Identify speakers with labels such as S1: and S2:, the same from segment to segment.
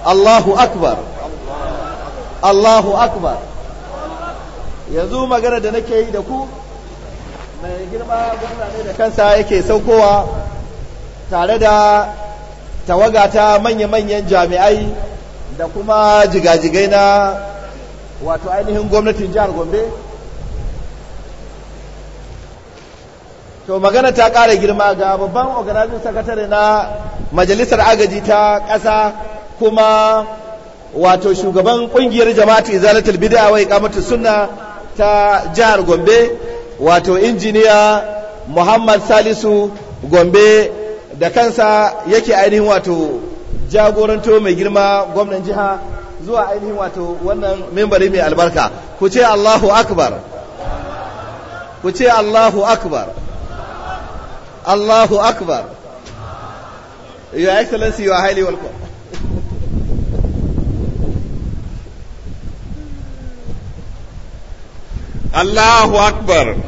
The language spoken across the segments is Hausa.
S1: Allahu akbar Allahu akbar yanzu magana da nake yi da ku mai girma gwamna da kansa yake saukowa tare da tawaga ta manya-manyan jami'ai da kuma jigajigai na wato ainihin gwamnatin jihar Gombe to magana ta ƙara girma ga babban organizing secretary na majalisar agaji ta ƙasa kuma wato shugaban kungiyar jama'atu izalatul bid'a wa iqamatu sunna ta jihar Gombe wato injiniya Muhammad Salisu Gombe da kansa yake ainihin wato jagoranto mai girma gwamnan jiha zuwa ainihin wato wannan membari mai albarka ku ce Allahu akbar ku ce Allahu akbar Allahu akbar Your Excellency, you are highly welcome.
S2: Allahu akbar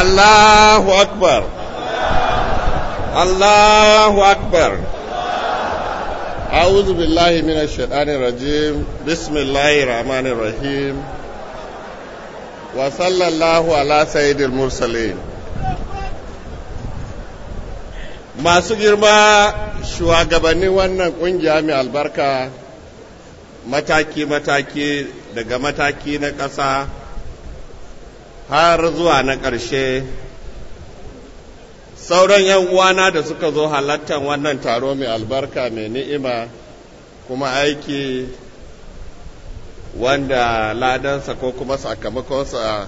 S2: Allahu akbar Allahu akbar أعوذ بالله من الشيطان الرجيم بسم الله الرحمن الرحيم وصلى الله على masu girma shugabannin wannan ƙungiya mai albarka mataki-mataki daga mataki na ƙasa har zuwa na ƙarshe sauran 'yan uwana da suka zo halartar wannan taro mai albarka mai ni'ima kuma aiki wanda ladansa ko kuma sakamakonsa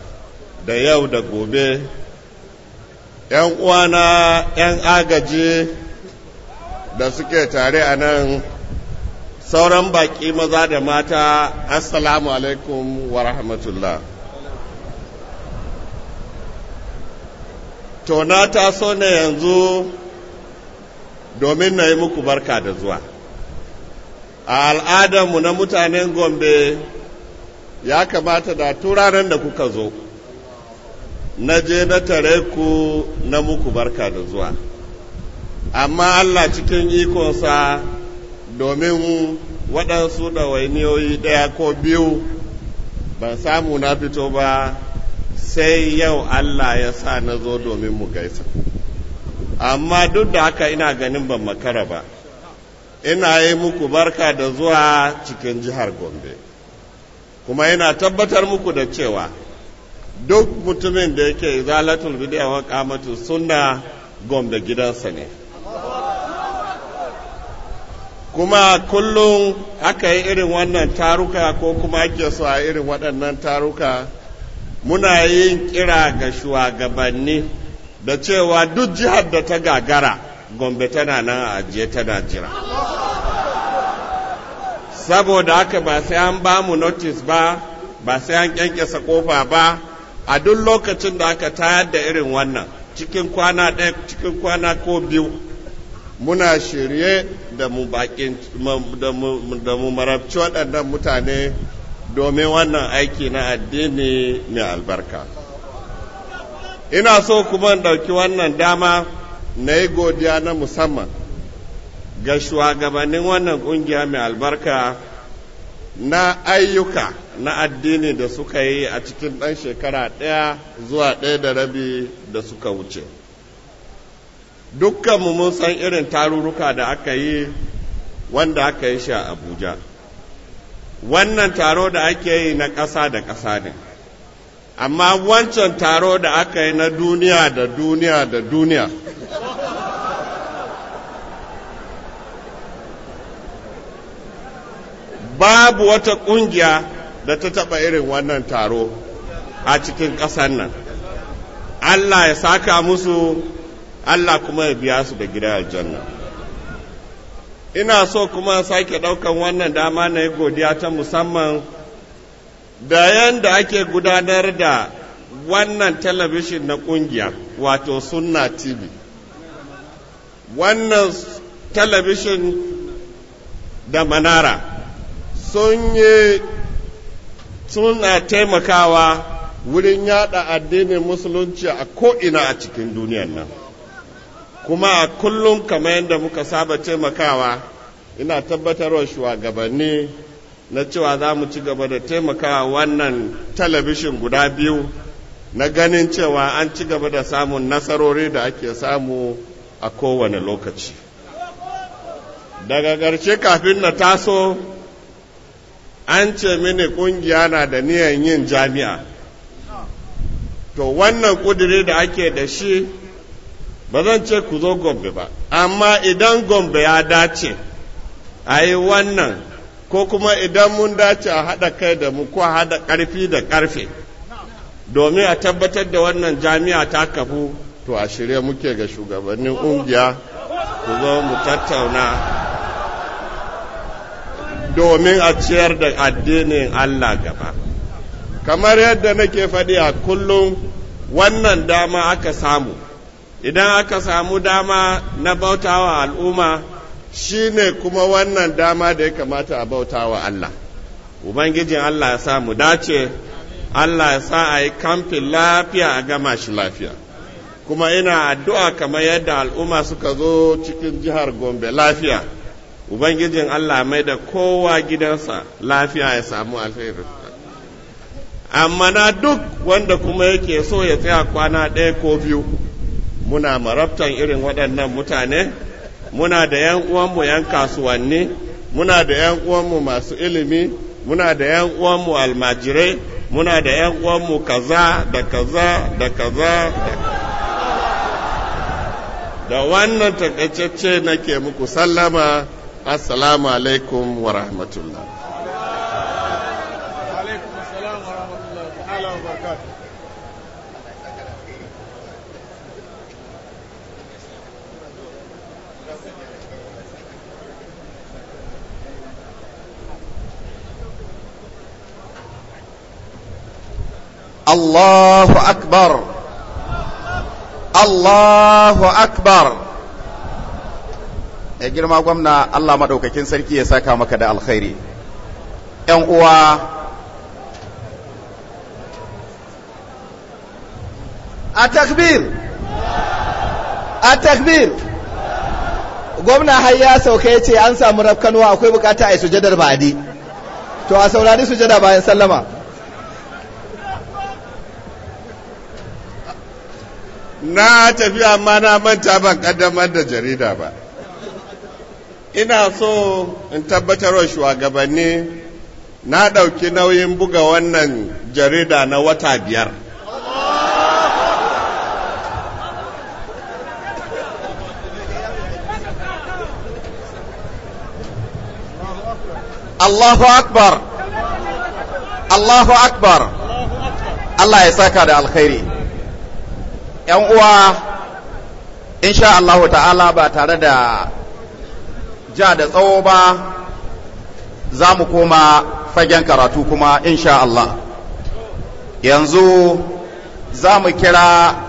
S2: da yau da gobe ‘yan uwana ‘yan agaji da suke tare a nan sauran baƙi maza da mata assalamu alaikum wa rahmatullah to na so ne yanzu domin na yi muku barka da zuwa a al'adarmu na mutanen gombe ya kamata da turanen da kuka zo na je na tare ku na muku barka da zuwa amma allah cikin ikonsa domin waɗansu ɗawainiyoyi ɗaya ko biyu ban samu na fito ba sai yau Allah ya sa na zo domin mu gaisa amma duk da haka ina ganin ban makara ba ina yi muku barka da zuwa cikin jihar gombe kuma ina tabbatar muku da cewa duk mutumin da yake zalatul bidiyawar kamatu sunna gombe gidansa ne kuma kullum aka yi irin wannan taruka ko kuma ake so a irin waɗannan taruka muna yin kira ga shugabanni da cewa duk jihar da ta gagara gombe tana nan a ajiye tana jira saboda haka ba sai an ba mu notice ba ba sai an kyankyasa kofa ba a duk lokacin da aka tayar da irin wannan cikin kwana ɗaya cikin kwana ko biyu muna shirye da mu bakin da mu marabci waɗannan mutane domin wannan aiki na addini mai albarka ina so kuma ɗauki wannan dama na yi godiya na musamman ga shugabannin wannan ƙungiya mai albarka na ayyuka na addini da suka yi a cikin ɗan shekara ɗaya zuwa ɗaya da rabi da suka wuce. dukkanmu mun san irin tarurruka da aka yi wanda aka yi shi a abuja wannan taro da ake yi na ƙasa da ƙasa ne amma wancan taro da aka yi na duniya da duniya da duniya babu wata ƙungiya da ta taɓa irin wannan taro a cikin ƙasar nan Allah ya saka musu Allah kuma ya biya su da gida aljanna ina so kuma sake ɗaukan wannan dama na yi godiya ta musamman da yadda ake gudanar da wannan talabishin na ƙungiya wato sunna tv wannan talabishin da manara sun yi suna taimakawa wurin yada addinin musulunci a ko'ina a cikin duniyar nan kuma a kullum kamar yadda muka saba taimakawa ina tabbatarwa shugabanni na cewa za mu ci gaba da taimakawa wannan talabishin guda biyu na ganin cewa an ci gaba da samun nasarori da ake samu a kowane lokaci daga ƙarshe kafin na taso an ce mini ƙungiya na da niyan yin jami'a to wannan ƙudiri da ake da shi ba zan ce ku zo gombe ba amma idan gombe ya dace a yi wannan ko kuma idan mun dace a haɗa kai da mu ko haɗa ƙarfi da ƙarfe domin a tabbatar da wannan jami'a ta kafu to a shirye muke ga shugabannin ƙungiya ku zo mu tattauna domin a ciyar da addinin Allah gaba kamar yadda nake faɗi a kullum wannan dama aka samu idan aka samu dama na bautawa al'umma shi ne kuma wannan dama da ya kamata a bautawa Allah ubangijin Allah ya sa mu dace Allah ya sa a yi kamfin lafiya a gama shi lafiya kuma ina addu'a kamar yadda al'umma suka zo cikin jihar Gombe lafiya ubangijin Allah mai da kowa gidansa lafiya ya samu alheri amma na duk wanda kuma yake so ya tsaya kwana ɗaya ko biyu muna marabtan irin waɗannan mutane muna da ‘yan uwanmu ‘yan kasuwanni muna da ‘yan uwanmu masu ilimi muna da ‘yan uwanmu almajirai muna da ‘yan uwanmu kaza da kaza da kaza da wannan takaitacce nake muku sallama assalamu alaikum wa rahmatullah
S1: الله أكبر الله أكبر ya girma gwamna Allah maɗaukakin sarki ya saka maka da alkhairi ‘yan uwa a takbir a takbir gwamna har ya sauka ya ce an samu rafkanuwa akwai bukata a yi sujadar ba'adi to a saurari sujada bayan sallama
S2: na tafi amma na manta ban kaddamar da jarida ba ina so in tabbatar wa shugabanni na ɗauki nauyin buga wannan jarida na wata biyar
S3: Allahu akbar
S1: Allahu akbar Allah ya saka da alkhairi 'yan uwa insha Allah ta'ala ba tare da ja da tsawo ba za mu koma fagen karatu kuma
S3: insha Allah yanzu za mu kira